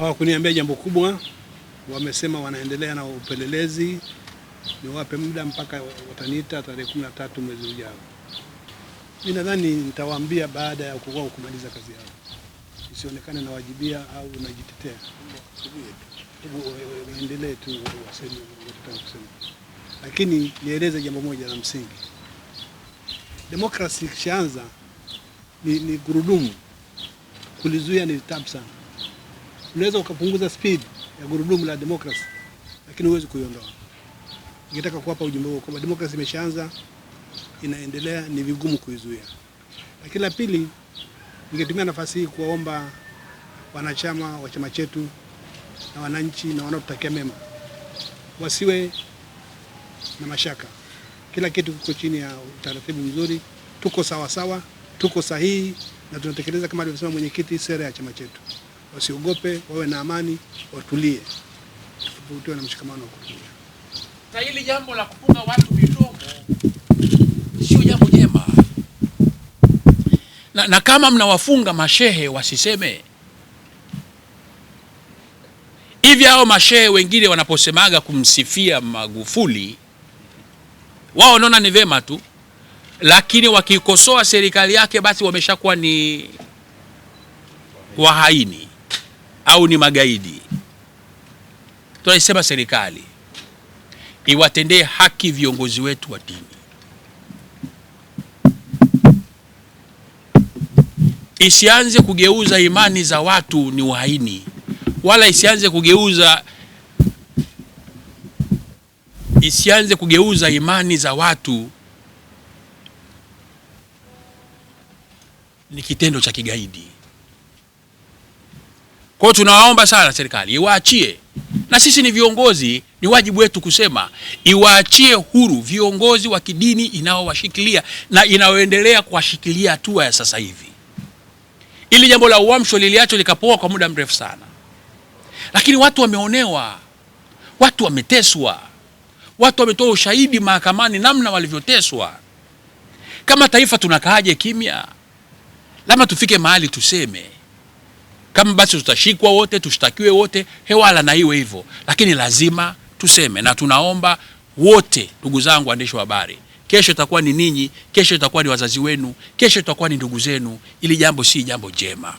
hawakuniambia jambo kubwa, wamesema wanaendelea na upelelezi, niwape muda mpaka wataniita tarehe kumi na tatu mwezi ujao. Mimi nadhani nitawaambia baada ya kuwa kumaliza kazi yao, isionekane nawajibia au najitetea. Endelee tu waseme wanataka kusema, lakini nieleze jambo moja la msingi. Demokrasi ikishaanza ni, ni gurudumu, kulizuia ni tabu sana unaweza ukapunguza speed ya gurudumu la demokrasi, lakini huwezi kuiondoa. Ningetaka kuwapa ujumbe huo kwamba demokrasi imeshaanza, inaendelea, ni vigumu kuizuia. Lakini la pili, ningetumia nafasi hii kuwaomba wanachama wa chama chetu na wananchi na wanaotutakia mema wasiwe na mashaka. Kila kitu kiko chini ya utaratibu mzuri, tuko sawasawa sawa, tuko sahihi na tunatekeleza kama alivyosema mwenyekiti sera ya chama chetu wasiogope, wawe na amani, watulie, tuvutiwe na mshikamano wa kutulia. Na hili jambo la kufunga watu midomo sio jambo jema, na, na kama mnawafunga mashehe wasiseme hivi. Hao mashehe wengine wanaposemaga kumsifia Magufuli, wao wanaona ni vema tu, lakini wakikosoa serikali yake basi wameshakuwa ni wahaini au ni magaidi. Tunaisema serikali iwatendee haki viongozi wetu wa dini, isianze kugeuza imani za watu ni uhaini, wala isianze kugeuza isianze kugeuza imani za watu ni kitendo cha kigaidi. Kwa hiyo tunawaomba sana serikali iwaachie, na sisi ni viongozi, ni wajibu wetu kusema iwaachie huru viongozi wa kidini inaowashikilia na inayoendelea kuwashikilia hatua ya sasa hivi. Ili jambo la uamsho liliacho likapoa kwa muda mrefu sana, lakini watu wameonewa, watu wameteswa, watu wametoa ushahidi mahakamani namna walivyoteswa. Kama taifa tunakaaje kimya? Lama tufike mahali tuseme kama basi tutashikwa wote, tushtakiwe wote, hewala na iwe hivyo, lakini lazima tuseme, na tunaomba wote, ndugu zangu waandishi wa habari, kesho itakuwa ni ninyi, kesho itakuwa ni wazazi wenu, kesho itakuwa ni ndugu zenu. Ili jambo si jambo jema,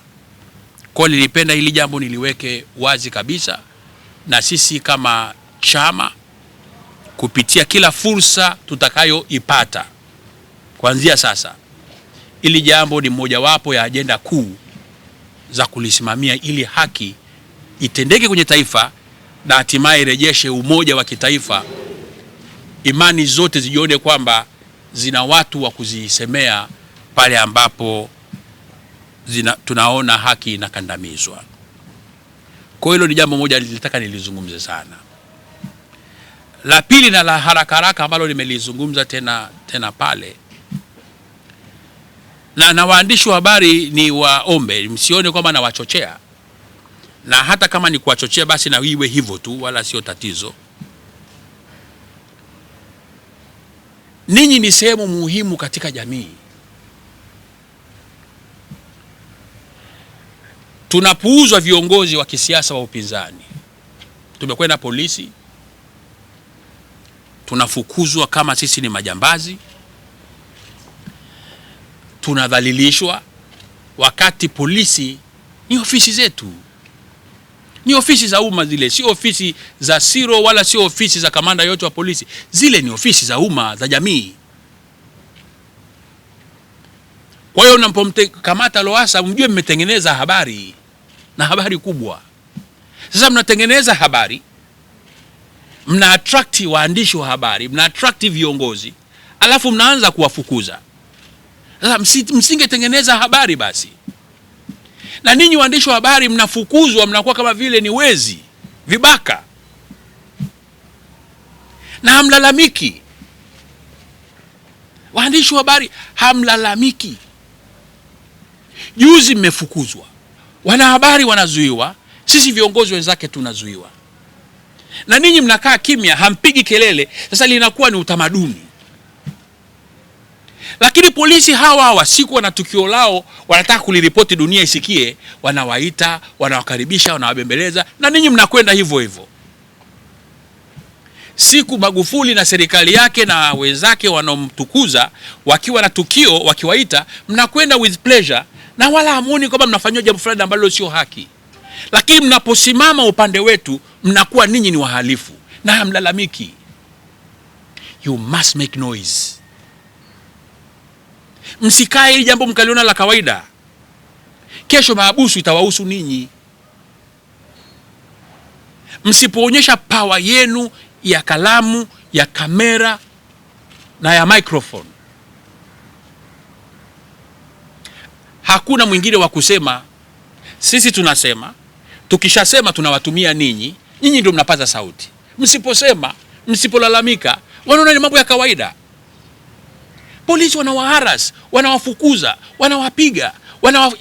kwa nilipenda hili jambo niliweke wazi kabisa, na sisi kama chama kupitia kila fursa tutakayoipata kuanzia sasa, ili jambo ni mojawapo ya ajenda kuu za kulisimamia ili haki itendeke kwenye taifa na hatimaye irejeshe umoja wa kitaifa. Imani zote zijione kwamba zina watu wa kuzisemea pale ambapo zina, tunaona haki inakandamizwa. Kwa hilo ni jambo moja nilitaka nilizungumze sana. La pili na la haraka haraka ambalo nimelizungumza tena, tena pale na, na waandishi wa habari ni waombe, msione kwamba nawachochea, na hata kama ni kuwachochea basi na iwe hivyo tu, wala sio tatizo. Ninyi ni sehemu muhimu katika jamii. Tunapuuzwa viongozi wa kisiasa wa upinzani, tumekwenda polisi, tunafukuzwa kama sisi ni majambazi tunadhalilishwa, wakati polisi ni ofisi zetu, ni ofisi za umma zile, sio ofisi za siro wala sio ofisi za kamanda yote wa polisi. Zile ni ofisi za umma za jamii. Kwa hiyo unapomkamata Lowassa mjue mmetengeneza habari na habari kubwa. Sasa mnatengeneza habari, mna attract waandishi wa habari, mna attract viongozi, alafu mnaanza kuwafukuza. Sasa msingetengeneza habari basi, na ninyi waandishi wa habari mnafukuzwa, mnakuwa kama vile ni wezi, vibaka na hamlalamiki. Waandishi wa habari hamlalamiki. Juzi mmefukuzwa, wanahabari wanazuiwa, sisi viongozi wenzake tunazuiwa, na ninyi mnakaa kimya, hampigi kelele. Sasa linakuwa ni utamaduni. Lakini polisi hawa hawa siku wana tukio lao, wanataka kuliripoti dunia isikie, wanawaita, wanawakaribisha, wanawabembeleza, na ninyi mnakwenda hivyo hivyo. Siku Magufuli na serikali yake na wenzake wanaomtukuza wakiwa na tukio, wakiwaita, mnakwenda with pleasure, na wala hamuoni kwamba mnafanyiwa jambo fulani ambalo sio haki, lakini mnaposimama upande wetu mnakuwa ninyi ni wahalifu na hamlalamiki. You must make noise. Msikae hili jambo mkaliona la kawaida. Kesho maabusu itawahusu ninyi, msipoonyesha pawa yenu ya kalamu, ya kamera na ya microphone. Hakuna mwingine wa kusema, sisi tunasema. Tukishasema tunawatumia ninyi, nyinyi ndio mnapaza sauti. Msiposema, msipolalamika, wanaona ni mambo ya kawaida polisi wanawaharas, wanawafukuza, wanawapiga, wanawa...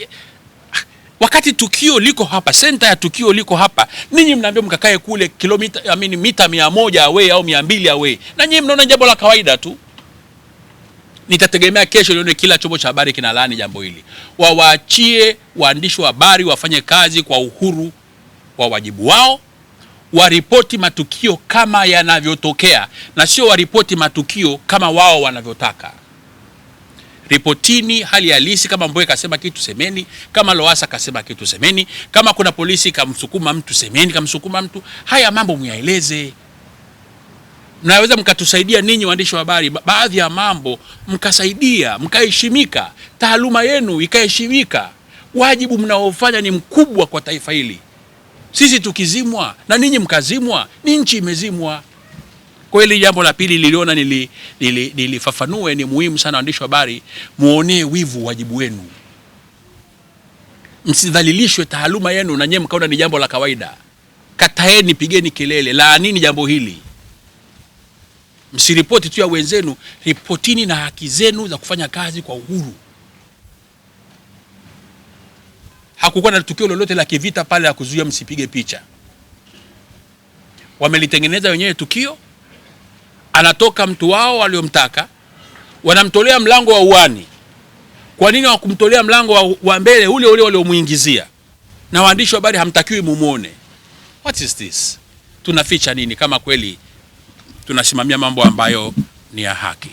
wakati tukio liko hapa, senta ya tukio liko hapa, ninyi mnaambia mkakae kule kilomita I mean, mita mia moja away au mia mbili away, na nyinyi mnaona jambo la kawaida tu. Nitategemea kesho nione kila chombo cha habari kinalaani jambo hili. Wawaachie waandishi wa habari wafanye kazi kwa uhuru wa wajibu wao, waripoti matukio kama yanavyotokea na sio waripoti matukio kama wao wanavyotaka ripotini hali halisi. Kama Mbowe kasema kitu semeni, kama loasa kasema kitu semeni, kama kuna polisi kamsukuma mtu semeni, kamsukuma mtu. Haya mambo myaeleze, mnaweza mkatusaidia ninyi waandishi wa habari, baadhi ya mambo mkasaidia, mkaheshimika, taaluma yenu ikaheshimika. Wajibu mnaofanya ni mkubwa kwa taifa hili. Sisi tukizimwa na ninyi mkazimwa, ni nchi imezimwa. Kwa hili jambo la pili liliona nili, nili, nilifafanue ni muhimu sana, waandishi wa habari muonee wivu wajibu wenu, msidhalilishwe taaluma yenu na nyewe mkaona ni jambo la kawaida. Kataeni, pigeni kelele, laanini jambo hili. Msiripoti tu ya wenzenu, ripotini na haki zenu za kufanya kazi kwa uhuru. Hakukuwa na tukio lolote la kivita pale la kuzuia msipige picha, wamelitengeneza wenyewe tukio anatoka mtu wao waliomtaka, wanamtolea mlango wa uani. Kwa nini hawakumtolea mlango wa, wa mbele ule ule waliomuingizia? Na waandishi wa habari hamtakiwi mumwone. What is this? Tunaficha nini kama kweli tunasimamia mambo ambayo ni ya haki?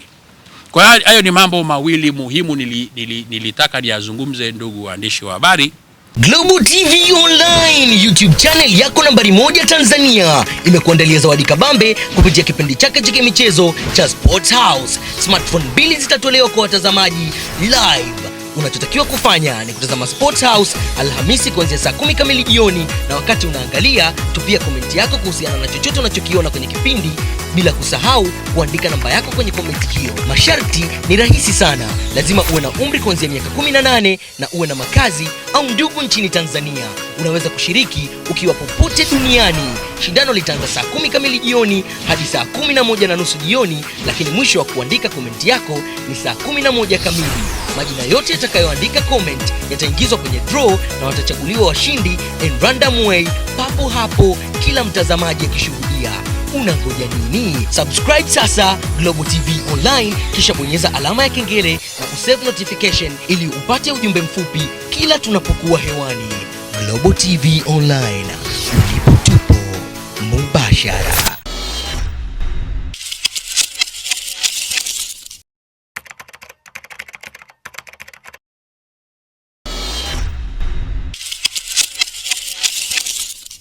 Kwa hiyo hayo ni mambo mawili muhimu nili, nili, nilitaka niyazungumze, ndugu waandishi wa habari. Global TV Online YouTube channel yako nambari moja Tanzania imekuandalia zawadi kabambe kupitia kipindi chake cha michezo cha Sports House. Smartphone mbili zitatolewa kwa watazamaji live unachotakiwa kufanya ni kutazama Sport House Alhamisi kuanzia saa kumi kamili jioni, na wakati unaangalia tupia komenti yako kuhusiana na chochote unachokiona kwenye kipindi, bila kusahau kuandika namba yako kwenye komenti hiyo. Masharti ni rahisi sana, lazima uwe na umri kuanzia miaka 18 na uwe na makazi au ndugu nchini Tanzania unaweza kushiriki ukiwa popote duniani. Shindano litaanza saa kumi kamili jioni hadi saa kumi na moja na nusu jioni, lakini mwisho wa kuandika komenti yako ni saa kumi na moja kamili. Majina yote yatakayoandika comment yataingizwa kwenye draw na watachaguliwa washindi in random way papo hapo, kila mtazamaji akishuhudia. Unangoja nini? Subscribe sasa Global TV Online, kisha bonyeza alama ya kengele na usave notification ili upate ujumbe mfupi kila tunapokuwa hewani. Global TV Online, ulipo tupo mubashara.